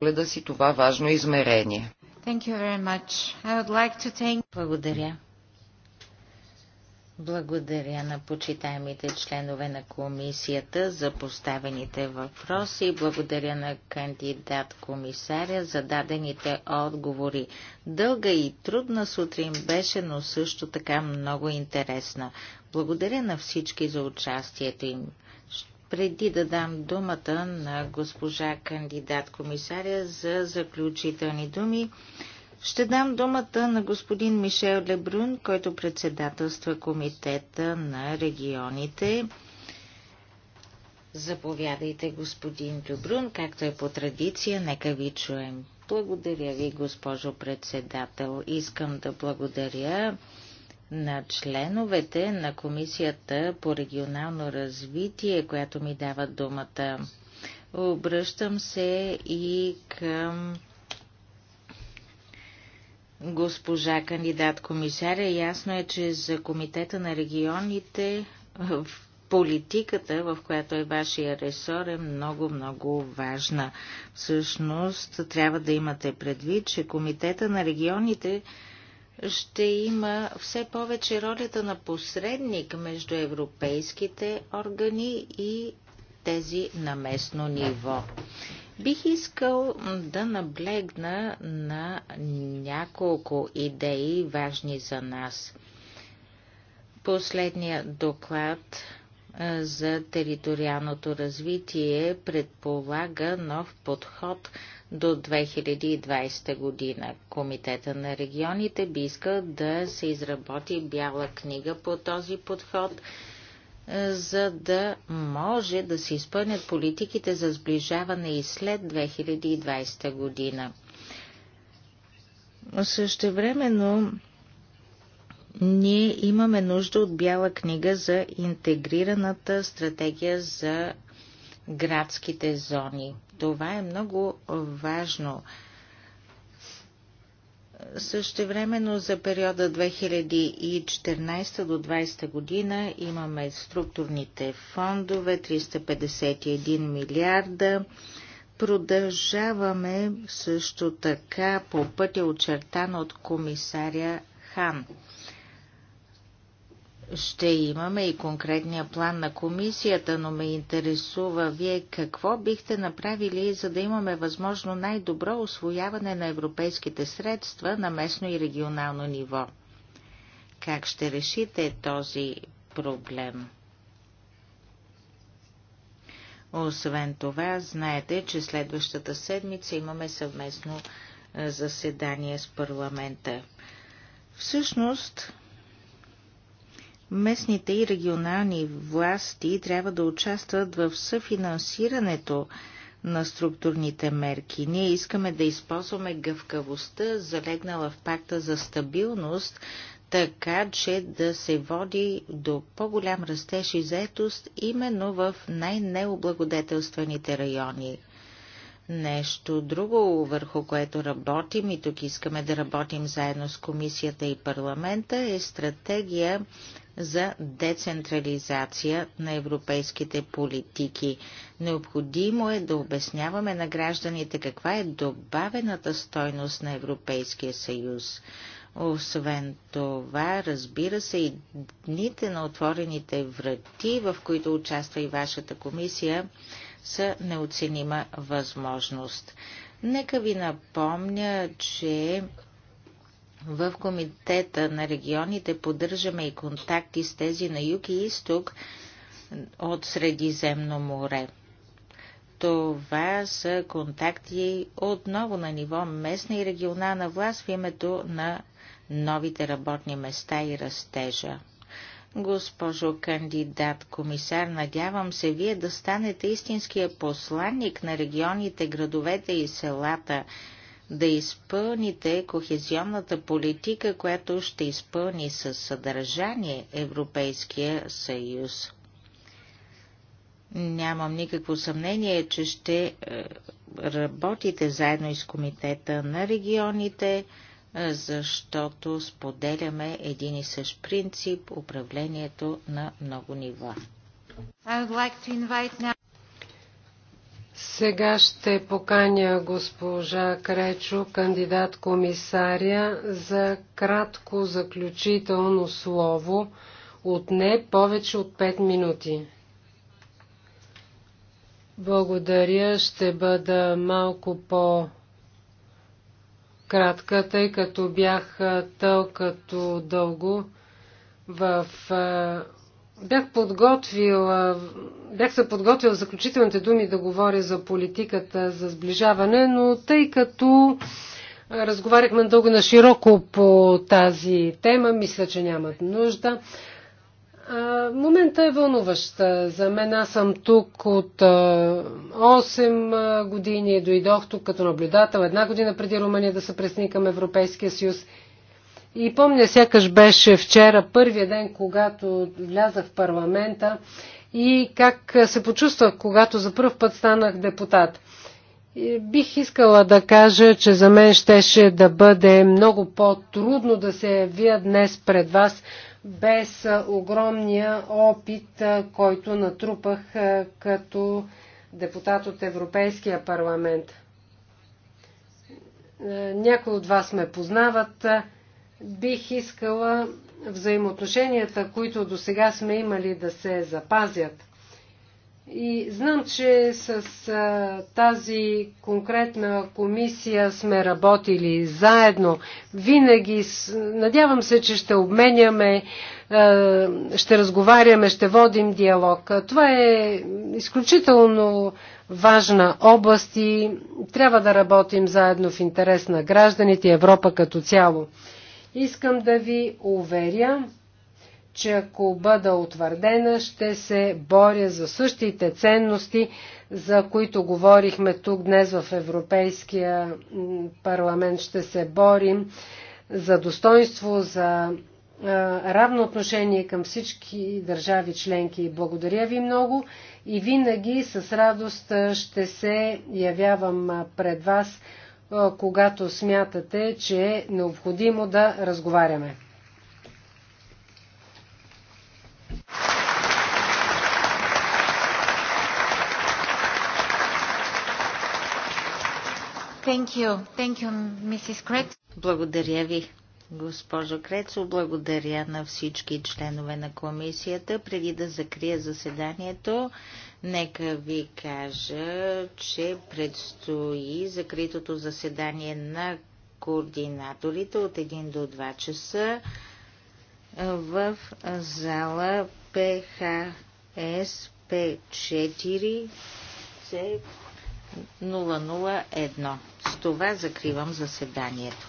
погледа си това важно измерение. Like Благодаря. Благодаря на почитаемите членове на комисията за поставените въпроси. Благодаря на кандидат комисаря за дадените отговори. Дълга и трудна сутрин беше, но също така много интересна. Благодаря на всички за участието им. Преди да дам думата на госпожа кандидат комисаря за заключителни думи, ще дам думата на господин Мишел Лебрун, който председателства Комитета на регионите. Заповядайте, господин Лебрун, както е по традиция, нека ви чуем. Благодаря ви, госпожо председател. Искам да благодаря на членовете на Комисията по регионално развитие, която ми дава думата. Обръщам се и към госпожа кандидат комисаря. Ясно е, че за Комитета на регионите в политиката, в която е вашия ресор, е много, много важна. Всъщност, трябва да имате предвид, че Комитета на регионите ще има все повече ролята на посредник между европейските органи и тези на местно ниво. Бих искал да наблегна на няколко идеи, важни за нас. Последният доклад за териториалното развитие предполага нов подход – до 2020 година. Комитета на регионите би искал да се изработи бяла книга по този подход, е, за да може да се изпълнят политиките за сближаване и след 2020 година. Същевременно ние имаме нужда от бяла книга за интегрираната стратегия за градските зони. Това е много важно. Същевременно за периода 2014 до 2020 година имаме структурните фондове 351 милиарда. Продължаваме също така по пътя очертан от комисаря Хан. Ще имаме и конкретния план на комисията, но ме интересува вие какво бихте направили, за да имаме възможно най-добро освояване на европейските средства на местно и регионално ниво. Как ще решите този проблем? Освен това, знаете, че следващата седмица имаме съвместно заседание с парламента. Всъщност, Местните и регионални власти трябва да участват в съфинансирането на структурните мерки. Ние искаме да използваме гъвкавостта, залегнала в пакта за стабилност, така че да се води до по-голям растеж и заетост именно в най-необлагодетелстваните райони – нещо друго, върху което работим и тук искаме да работим заедно с комисията и парламента, е стратегия за децентрализация на европейските политики. Необходимо е да обясняваме на гражданите каква е добавената стойност на Европейския съюз. Освен това, разбира се, и дните на отворените врати, в които участва и вашата комисия, са неоценима възможност. Нека ви напомня, че в Комитета на регионите поддържаме и контакти с тези на юг и изток от Средиземно море. Това са контакти отново на ниво местна и регионална власт в името на новите работни места и растежа. Госпожо кандидат комисар, надявам се вие да станете истинския посланник на регионите, градовете и селата, да изпълните кохезионната политика, която ще изпълни със съдържание Европейския съюз. Нямам никакво съмнение, че ще е, работите заедно и с Комитета на регионите, защото споделяме един и същ принцип управлението на много нива. Сега ще поканя госпожа Кречо, кандидат комисаря, за кратко заключително слово от не повече от 5 минути. Благодаря, ще бъда малко по- кратка, тъй като бях тълкато дълго в... Бях подготвил, бях се подготвил в заключителните думи да говоря за политиката за сближаване, но тъй като разговаряхме дълго на широко по тази тема, мисля, че нямат нужда. Момента е вълнуващ. За мен аз съм тук от 8 години. Дойдох тук като наблюдател една година преди Румъния да се пресни към Европейския съюз. И помня, сякаш беше вчера, първия ден, когато влязах в парламента и как се почувствах, когато за първ път станах депутат. Е, бих искала да кажа, че за мен щеше да бъде много по-трудно да се явя днес пред вас без огромния опит, който натрупах като депутат от Европейския парламент. Е, някои от вас ме познават. Бих искала взаимоотношенията, които до сега сме имали да се запазят. И знам, че с а, тази конкретна комисия сме работили заедно. Винаги, надявам се, че ще обменяме, а, ще разговаряме, ще водим диалог. Това е изключително важна област и трябва да работим заедно в интерес на гражданите и Европа като цяло. Искам да ви уверя, че ако бъда утвърдена, ще се боря за същите ценности, за които говорихме тук днес в Европейския парламент. Ще се борим за достоинство, за равно отношение към всички държави членки. Благодаря ви много и винаги с радост ще се явявам пред вас, когато смятате, че е необходимо да разговаряме. Thank you. Thank you, Mrs. Благодаря ви, госпожо Крецо. Благодаря на всички членове на комисията. Преди да закрия заседанието, нека ви кажа, че предстои закритото заседание на координаторите от 1 до 2 часа в зала ПХС П4 001. С това закривам заседанието.